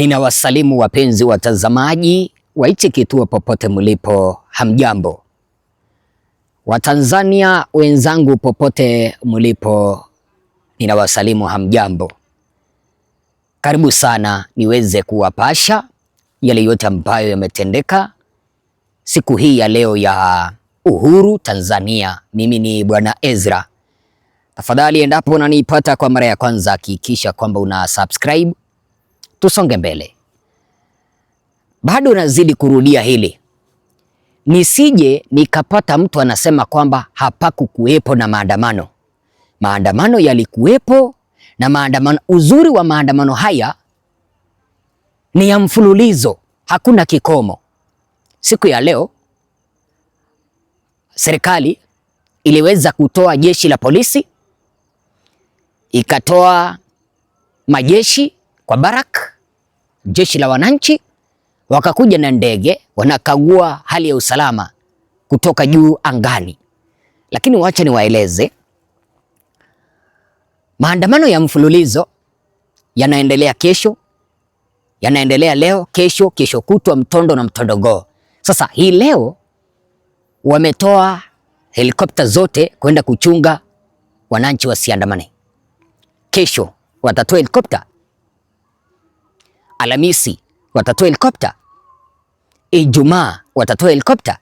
Ninawasalimu wapenzi watazamaji wa hichi kituo popote mlipo, hamjambo. Watanzania wenzangu popote mlipo, ninawasalimu hamjambo. Karibu sana niweze kuwapasha yale yote ambayo yametendeka siku hii ya leo ya uhuru Tanzania. Mimi ni Bwana Ezra. Tafadhali, endapo unanipata kwa mara ya kwanza, hakikisha kwamba una subscribe tusonge mbele. Bado nazidi kurudia hili nisije nikapata mtu anasema kwamba hapakukuwepo na maandamano. Maandamano yalikuwepo na maandamano, uzuri wa maandamano haya ni ya mfululizo, hakuna kikomo. Siku ya leo serikali iliweza kutoa jeshi la polisi, ikatoa majeshi kwa Barak, jeshi la wananchi wakakuja na ndege, wanakagua hali ya usalama kutoka juu angani. Lakini wacha niwaeleze, maandamano ya mfululizo yanaendelea kesho, yanaendelea leo, kesho, kesho kutwa, Mtondo na Mtondogoo. Sasa hii leo wametoa helikopta zote kwenda kuchunga wananchi wasiandamane. Kesho watatoa helikopta Alhamisi watatoa helikopta? Ijumaa watatoa helikopta?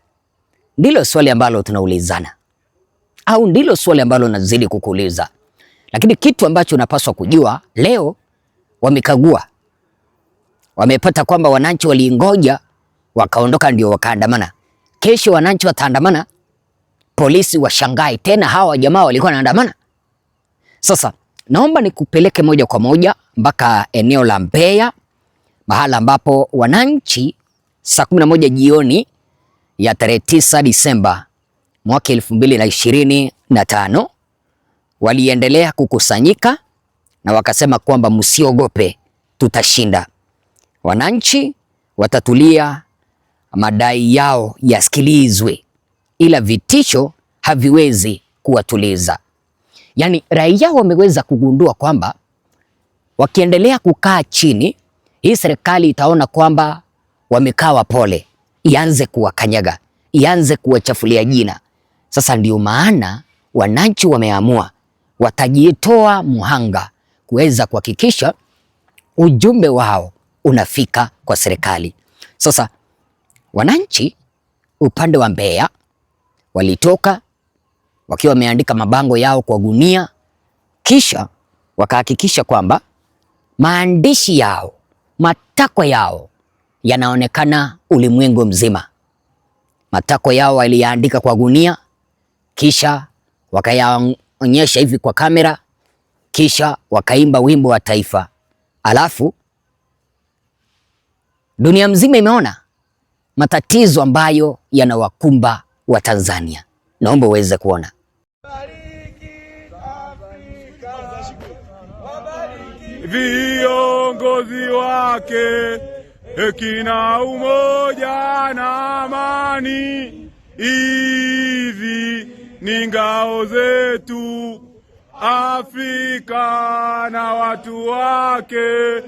Ndilo swali ambalo tunaulizana, au ndilo swali ambalo nazidi kukuuliza. Lakini kitu ambacho unapaswa kujua leo, wamekagua, wamepata kwamba wananchi waliingoja wakaondoka, ndio wakaandamana. Kesho wananchi wataandamana, polisi washangae tena, hawa jamaa walikuwa wanaandamana. Sasa naomba nikupeleke moja kwa moja mpaka eneo la Mbeya mahala ambapo wananchi saa moja jioni ya tarehe 9 Disemba mwaka tano waliendelea kukusanyika na wakasema kwamba msiogope, tutashinda. Wananchi watatulia, madai yao yasikilizwe, ila vitisho haviwezi kuwatuliza. Yaani raia wameweza kugundua kwamba wakiendelea kukaa chini hii serikali itaona kwamba wamekaa wapole, ianze kuwakanyaga, ianze kuwachafulia jina. Sasa ndio maana wananchi wameamua watajitoa muhanga kuweza kuhakikisha ujumbe wao unafika kwa serikali. Sasa wananchi upande wa Mbeya walitoka wakiwa wameandika mabango yao kwa gunia, kisha wakahakikisha kwamba maandishi yao matakwa yao yanaonekana ulimwengu mzima. Matakwa yao waliyaandika kwa gunia, kisha wakayaonyesha hivi kwa kamera, kisha wakaimba wimbo wa taifa, alafu dunia mzima imeona matatizo ambayo yanawakumba Watanzania. Naomba uweze kuona viongozi wake, kina umoja na amani. Hizi ni ngao zetu, Afrika na watu wake.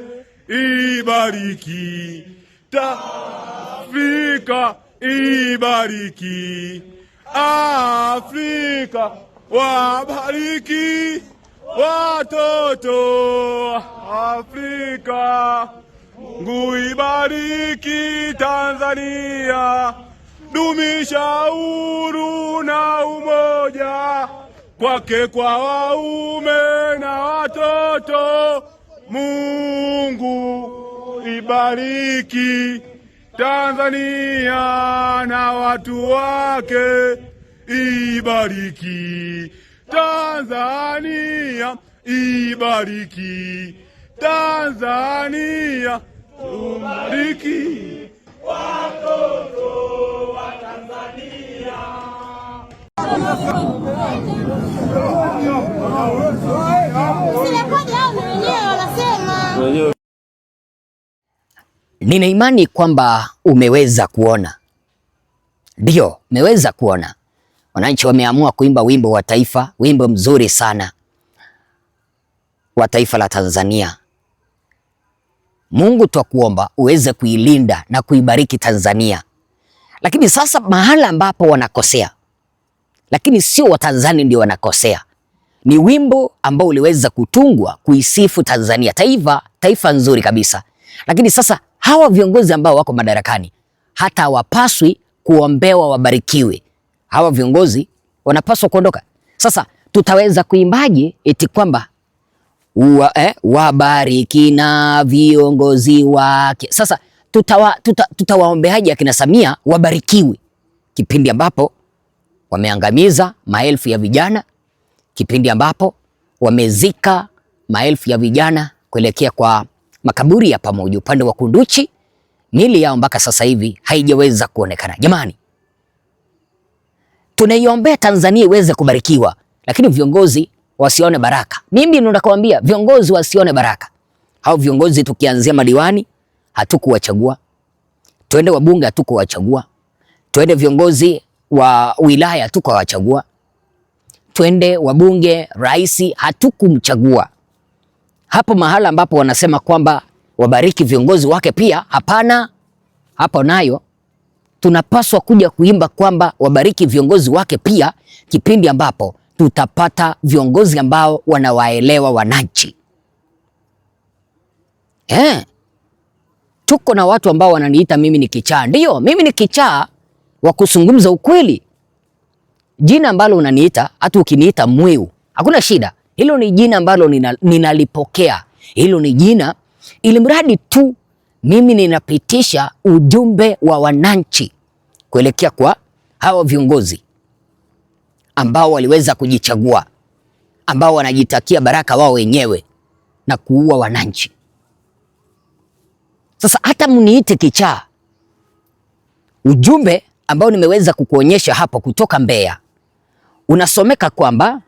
Ibariki Afrika, ibariki Afrika, wabariki Watoto Afrika, nguibariki ibariki Tanzania, dumisha uhuru na umoja kwake kwa waume na watoto. Mungu ibariki Tanzania na watu wake, ibariki Tanzania ibariki, Tanzania tubariki, watoto wa Tanzania. Nina imani kwamba umeweza kuona, ndio umeweza kuona wananchi wameamua kuimba wimbo wa taifa, wimbo mzuri sana wa taifa la Tanzania. Mungu twakuomba uweze kuilinda na kuibariki Tanzania. Lakini sasa mahala ambapo wanakosea, lakini sio Watanzania ndio wanakosea, ni wimbo ambao uliweza kutungwa kuisifu Tanzania, taifa taifa nzuri kabisa. Lakini sasa hawa viongozi ambao wako madarakani hata hawapaswi kuombewa wabarikiwe, hawa viongozi wanapaswa kuondoka. Sasa tutaweza kuimbaje eti kwamba wa, eh, wabariki na viongozi wake? Sasa tutawa, tuta, tutawaombeaje akina Samia wabarikiwe kipindi ambapo wameangamiza maelfu ya vijana, kipindi ambapo wamezika maelfu ya vijana kuelekea kwa makaburi ya pamoja upande wa Kunduchi, mili yao mpaka sasa hivi haijaweza kuonekana. Jamani, tunaiombea Tanzania iweze kubarikiwa, lakini viongozi wasione baraka. Mimi nakwambia viongozi wasione baraka. Hao viongozi tukianzia madiwani hatukuwachagua, twende wabunge hatukuwachagua, twende viongozi wa wilaya hatukuwachagua, twende wabunge, rais hatukumchagua. Hapo mahala ambapo wanasema kwamba wabariki viongozi wake pia, hapana, hapo nayo tunapaswa kuja kuimba kwamba wabariki viongozi wake, pia kipindi ambapo tutapata viongozi ambao wanawaelewa wananchi. Eh, tuko na watu ambao wananiita mimi ni kichaa. Ndio, mimi ni kichaa wa kuzungumza ukweli. Jina ambalo unaniita, hata ukiniita mwiu, hakuna shida. Hilo ni jina ambalo ninalipokea, nina hilo ni jina, ili mradi tu mimi ninapitisha ujumbe wa wananchi kuelekea kwa hawa viongozi ambao waliweza kujichagua, ambao wanajitakia baraka wao wenyewe na kuua wananchi. Sasa hata mniite kichaa, ujumbe ambao nimeweza kukuonyesha hapa kutoka Mbeya unasomeka kwamba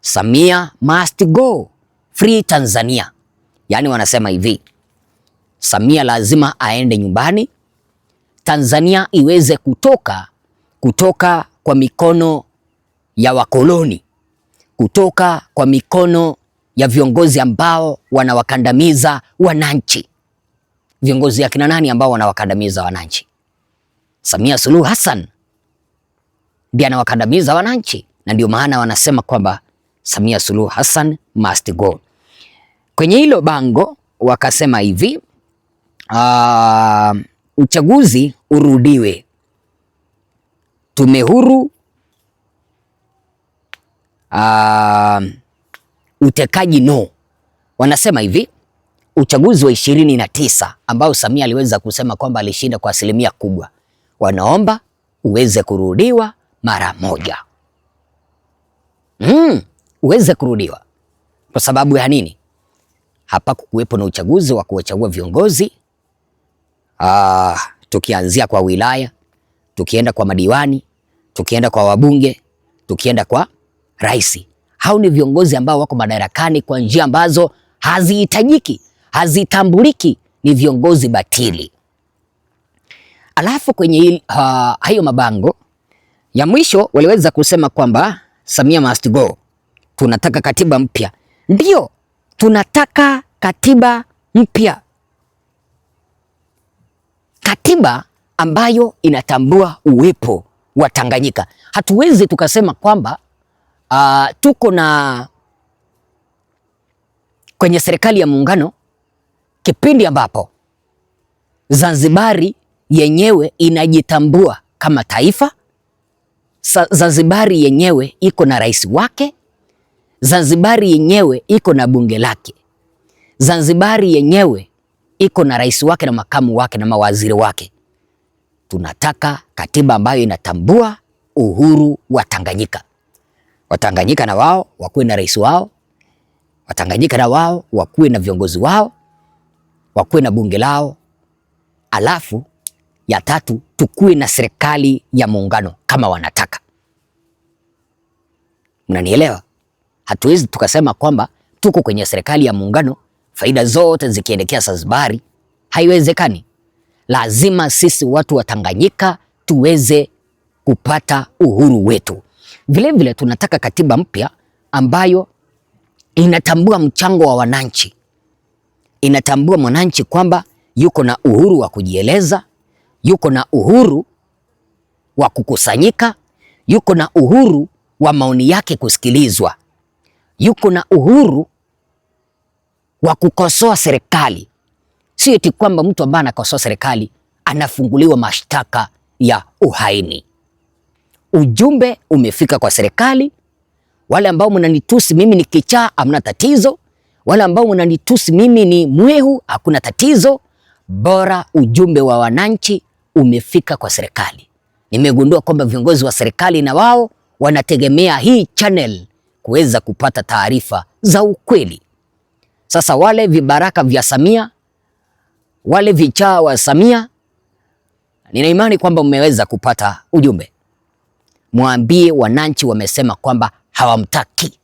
Samia must go, free Tanzania. Yaani wanasema hivi Samia lazima aende nyumbani, Tanzania iweze kutoka kutoka kwa mikono ya wakoloni, kutoka kwa mikono ya viongozi ambao wanawakandamiza wananchi. Viongozi akina nani ambao wanawakandamiza wananchi? Samia Suluhu Hassan ndiye anawakandamiza wananchi, na ndio maana wanasema kwamba Samia Suluhu Hassan must go. Kwenye hilo bango wakasema hivi uh, uchaguzi urudiwe, tume huru uh, utekaji no. Wanasema hivi uchaguzi wa ishirini na tisa ambao Samia aliweza kusema kwamba alishinda kwa asilimia kubwa, wanaomba uweze kurudiwa mara moja mm, uweze kurudiwa kwa sababu ya nini? Hapa kukuwepo na uchaguzi wa kuwachagua viongozi aa, ah, tukianzia kwa wilaya, tukienda kwa madiwani, tukienda kwa wabunge, tukienda kwa rais. Hao ni viongozi ambao wako madarakani kwa njia ambazo hazihitajiki, hazitambuliki, ni viongozi batili. Alafu kwenye uh, hayo mabango ya mwisho waliweza kusema kwamba Samia must go, tunataka katiba mpya. ndio tunataka katiba mpya katiba ambayo inatambua uwepo wa Tanganyika. Hatuwezi tukasema kwamba uh, tuko na kwenye serikali ya muungano kipindi ambapo Zanzibari yenyewe inajitambua kama taifa. Zanzibari yenyewe iko na rais wake. Zanzibari yenyewe iko na bunge lake. Zanzibari yenyewe iko na rais wake na makamu wake na mawaziri wake. Tunataka katiba ambayo inatambua uhuru wa Tanganyika. Watanganyika na wao wakuwe na rais wao, Watanganyika na wao wakuwe na viongozi wao, wakuwe na bunge lao, alafu ya tatu tukuwe na serikali ya muungano kama wanataka. Mnanielewa? Hatuwezi tukasema kwamba tuko kwenye serikali ya muungano faida zote zikielekea Zanzibar, haiwezekani. Lazima sisi watu wa Tanganyika tuweze kupata uhuru wetu. Vilevile vile tunataka katiba mpya ambayo inatambua mchango wa wananchi, inatambua mwananchi kwamba yuko na uhuru wa kujieleza, yuko na uhuru wa kukusanyika, yuko na uhuru wa maoni yake kusikilizwa, yuko na uhuru wa kukosoa serikali. Sio eti kwamba mtu ambaye anakosoa serikali anafunguliwa mashtaka ya uhaini. Ujumbe umefika kwa serikali. Wale ambao mnanitusi mimi ni kichaa, hamna tatizo. Wale ambao mnanitusi mimi ni mwehu, hakuna tatizo, bora ujumbe wa wananchi umefika kwa serikali. Nimegundua kwamba viongozi wa serikali na wao wanategemea hii channel kuweza kupata taarifa za ukweli. Sasa wale vibaraka vya Samia, wale vichaa wa Samia, nina imani kwamba mmeweza kupata ujumbe. Mwambie wananchi wamesema kwamba hawamtaki